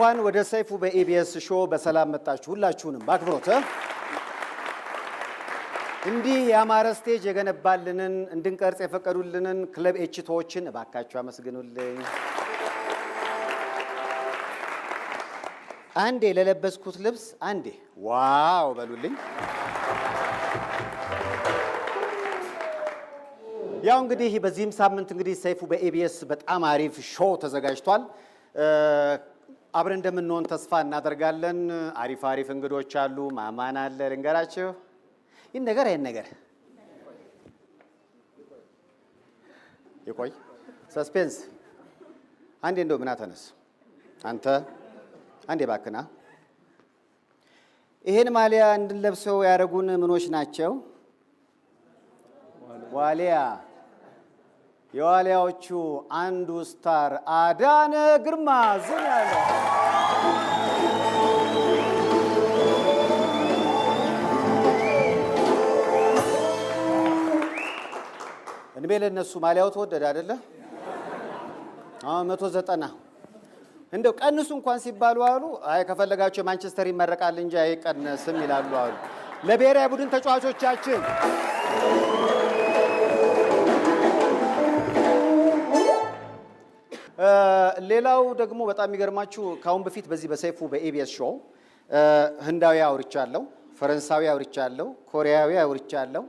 እንኳን ወደ ሰይፉ በኢቢኤስ ሾው በሰላም መጣችሁ። ሁላችሁንም በአክብሮት እንዲህ የአማረ ስቴጅ የገነባልንን እንድንቀርጽ የፈቀዱልንን ክለብ ኤችቶዎችን እባካችሁ አመስግኑልኝ። አንዴ ለለበስኩት ልብስ አንዴ ዋው በሉልኝ። ያው እንግዲህ በዚህም ሳምንት እንግዲህ ሰይፉ በኢቢኤስ በጣም አሪፍ ሾው ተዘጋጅቷል። አብረን እንደምንሆን ተስፋ እናደርጋለን። አሪፍ አሪፍ እንግዶች አሉ። ማማን አለ። ልንገራችሁ ይህን ነገር ይህን ነገር ይቆይ ሰስፔንስ። አንዴ እንደው ምና ተነስ አንተ አንዴ ባክና። ይሄን ማሊያ እንድንለብሰው ያደረጉን ምኖች ናቸው? ዋሊያ የዋሊያዎቹ አንዱ ስታር አዳነ ግርማ ዝም ያለ እንቤ ለነሱ ማሊያው ተወደደ አይደለ? አዎ መቶ ዘጠና እንደው ቀንሱ እንኳን ሲባሉ አሉ። አይ ከፈለጋቸው የማንቸስተር ይመረቃል እንጂ አይቀነስም ይላሉ አሉ። ለብሔራዊ ቡድን ተጫዋቾቻችን ሌላው ደግሞ በጣም የሚገርማችሁ ከአሁን በፊት በዚህ በሰይፉ በኤቢኤስ ሾው ህንዳዊ አውርቻለሁ፣ ፈረንሳዊ አውርቻለሁ፣ ኮሪያዊ አውርቻለሁ።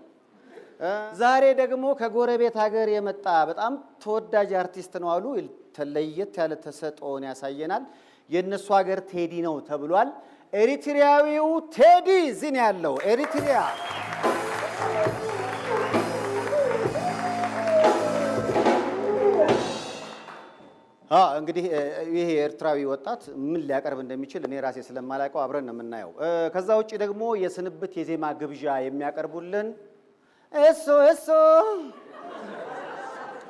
ዛሬ ደግሞ ከጎረቤት ሀገር የመጣ በጣም ተወዳጅ አርቲስት ነው አሉ። ለየት ያለ ተሰጥኦን ያሳየናል። የእነሱ ሀገር ቴዲ ነው ተብሏል። ኤሪትሪያዊው ቴዲ ዝን ያለው ኤሪትሪያ እንግዲህ ይሄ የኤርትራዊ ወጣት ምን ሊያቀርብ እንደሚችል እኔ ራሴ ስለማላውቀው አብረን ነው የምናየው። ከዛ ውጭ ደግሞ የስንብት የዜማ ግብዣ የሚያቀርቡልን እሶ እሶ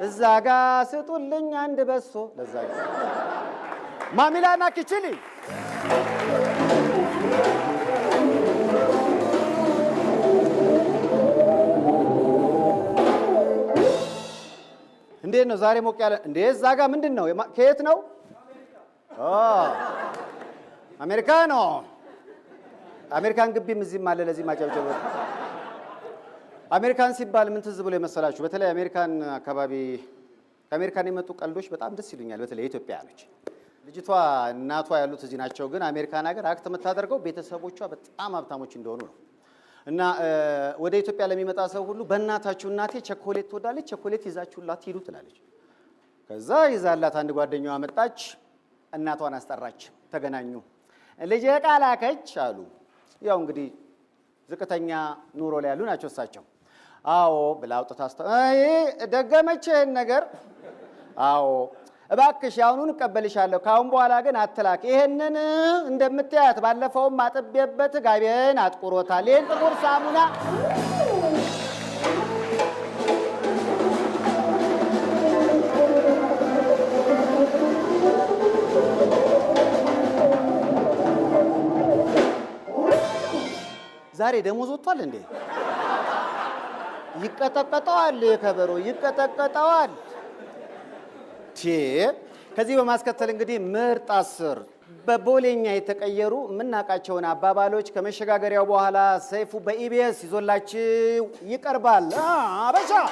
እዛ ጋ ስጡልኝ አንድ በሶ ለዛ ማሚላና ኪችሊ እንዴት ነው ዛሬ ሞቅ ያለ እንዴ? እዛ ጋ ምንድን ነው? ከየት ነው? አሜሪካ ነው። አሜሪካን ግቢም እዚህም አለ። ለዚህ ማጨብጨብ አሜሪካን ሲባል ምን ትዝ ብሎ የመሰላችሁ? በተለይ አሜሪካን አካባቢ ከአሜሪካን የመጡ ቀልዶች በጣም ደስ ይሉኛል። በተለይ ኢትዮጵያውያኖች ልጅቷ እናቷ ያሉት እዚህ ናቸው፣ ግን አሜሪካን ሀገር አክት የምታደርገው ቤተሰቦቿ በጣም ሀብታሞች እንደሆኑ ነው። እና ወደ ኢትዮጵያ ለሚመጣ ሰው ሁሉ በእናታችሁ እናቴ ቸኮሌት ትወዳለች፣ ቸኮሌት ይዛችሁላት ሂዱ ትላለች። ከዛ ይዛላት አንድ ጓደኛዋ መጣች፣ እናቷን አስጠራች፣ ተገናኙ። ልጅ ዕቃ ላከች አሉ። ያው እንግዲህ ዝቅተኛ ኑሮ ላይ ያሉ ናቸው እሳቸው። አዎ ብላ አውጥታ ደገመች ይህን ነገር አዎ እባክሽ አሁኑን እቀበልሻለሁ፣ ካሁን በኋላ ግን አትላክ። ይሄንን እንደምትያት ባለፈውም አጥቤበት ጋቤን አጥቁሮታል። ይህን ጥቁር ሳሙና ዛሬ ደሞዝ ወጥቷል እንዴ? ይቀጠቀጠዋል፣ ከበሮ ይቀጠቀጠዋል። ቼ ከዚህ በማስከተል እንግዲህ ምርጥ አስር በቦሌኛ የተቀየሩ የምናውቃቸውን አባባሎች ከመሸጋገሪያው በኋላ ሰይፉ በኢቢኤስ ይዞላችሁ ይቀርባል። አበሻ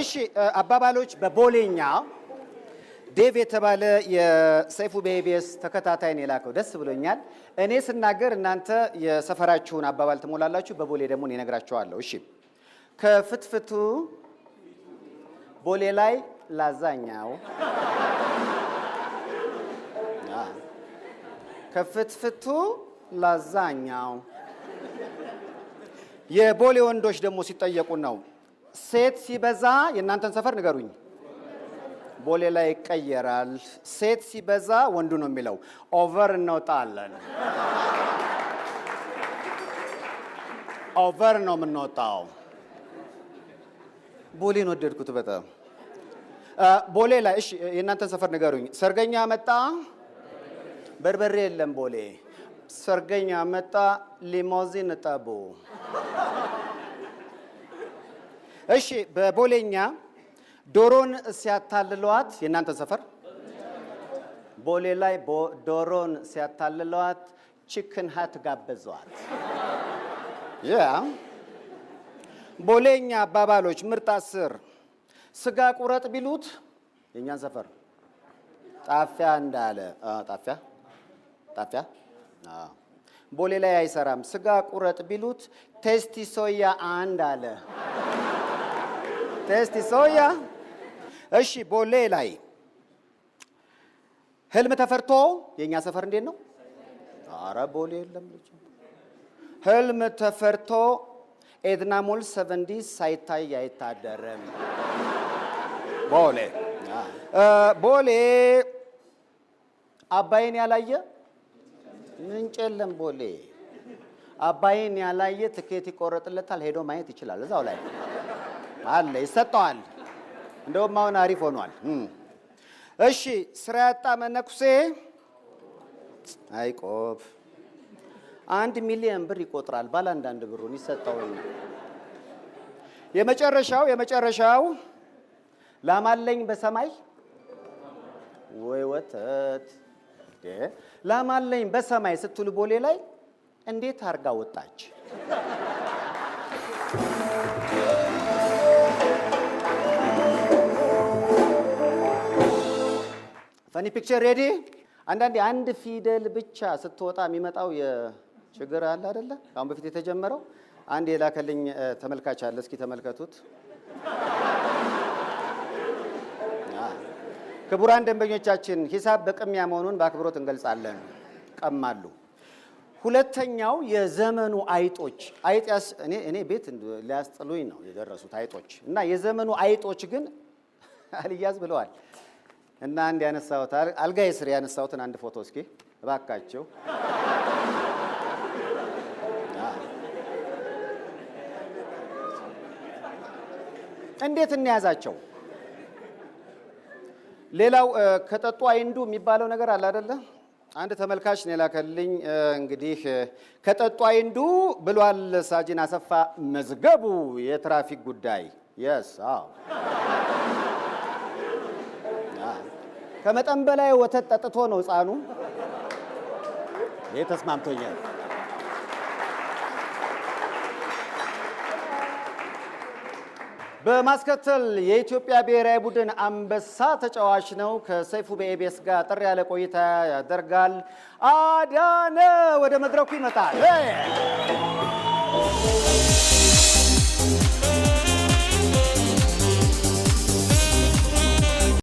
እሺ፣ አባባሎች በቦሌኛ ዴቭ የተባለ የሰይፉ በኢቢኤስ ተከታታይ ነው የላከው። ደስ ብሎኛል። እኔ ስናገር እናንተ የሰፈራችሁን አባባል ትሞላላችሁ። በቦሌ ደግሞ እኔ እነግራችኋለሁ። እሺ፣ ከፍትፍቱ ቦሌ ላይ ላዛኛው፣ ከፍትፍቱ ላዛኛው። የቦሌ ወንዶች ደግሞ ሲጠየቁ ነው ሴት ሲበዛ የእናንተን ሰፈር ንገሩኝ ቦሌ ላይ ይቀየራል። ሴት ሲበዛ ወንዱ ነው የሚለው። ኦቨር እንወጣለን። ኦቨር ነው የምንወጣው። ቦሌን ወደድኩት በጣም ቦሌ ላይ። እሺ የእናንተን ሰፈር ንገሩኝ። ሰርገኛ መጣ፣ በርበሬ የለም ቦሌ። ሰርገኛ መጣ፣ ሊሞዚን ጠቡ። እሺ በቦሌኛ ዶሮን ሲያታልለዋት የእናንተ ሰፈር ቦሌ ላይ ዶሮን ሲያታልለዋት ችክን ሀት ጋበዘዋት። ያ ቦሌኛ አባባሎች ምርጥ አስር ስጋ ቁረጥ ቢሉት የእኛን ሰፈር ጣፊያ እንዳለ ጣፊያ ጣፊያ ቦሌ ላይ አይሰራም። ስጋ ቁረጥ ቢሉት ቴስቲ ሶያ አንድ አለ ቴስቲ ሶያ እሺ፣ ቦሌ ላይ ህልም ተፈርቶ የእኛ ሰፈር እንዴት ነው? አረ ቦሌ የለም ልጅ ህልም ተፈርቶ ኤድና ሞል ሰቨንዲ ሳይታይ አይታደርም። ቦሌ ቦሌ አባይን ያላየ ምንጭ የለም። ቦሌ አባይን ያላየ ትኬት ይቆረጥለታል። ሄዶ ማየት ይችላል። እዛው ላይ አለ፣ ይሰጠዋል። እንደውም አሁን አሪፍ ሆኗል። እሺ ስራ ያጣ መነኩሴ አይቆብ አንድ ሚሊዮን ብር ይቆጥራል። ባለ አንዳንድ ብሩን ይሰጠው። የመጨረሻው የመጨረሻው ላማለኝ በሰማይ ወይ ወተት ላማለኝ በሰማይ ስትል ቦሌ ላይ እንዴት አርጋ ወጣች? ፈኒ ፒክቸር ሬዲ። አንዳንዴ አንድ ፊደል ብቻ ስትወጣ የሚመጣው የችግር አለ አደለ? አሁን በፊት የተጀመረው አንድ የላከልኝ ተመልካች አለ። እስኪ ተመልከቱት። ክቡራን ደንበኞቻችን ሂሳብ በቅሚያ መሆኑን በአክብሮት እንገልጻለን። ቀማሉ። ሁለተኛው የዘመኑ አይጦች አይጥ እኔ እኔ ቤት ሊያስጥሉኝ ነው የደረሱት አይጦች እና የዘመኑ አይጦች ግን አልያዝ ብለዋል። እና አንድ ያነሳሁት አልጋዬ ስር ያነሳሁትን አንድ ፎቶ እስኪ እባካቸው እንዴት እንያዛቸው? ሌላው ከጠጡ አይንዱ የሚባለው ነገር አለ አይደለ? አንድ ተመልካች ነው የላከልኝ። እንግዲህ ከጠጡ አይንዱ ብሏል ሳጅን አሰፋ መዝገቡ የትራፊክ ጉዳይ የስ ከመጠን በላይ ወተት ጠጥቶ ነው ሕፃኑ። ይህ ተስማምቶኛል። በማስከተል የኢትዮጵያ ብሔራዊ ቡድን አንበሳ ተጫዋች ነው። ከሰይፉ በኤቤስ ጋር ጥር ያለ ቆይታ ያደርጋል። አዳነ ወደ መድረኩ ይመጣል።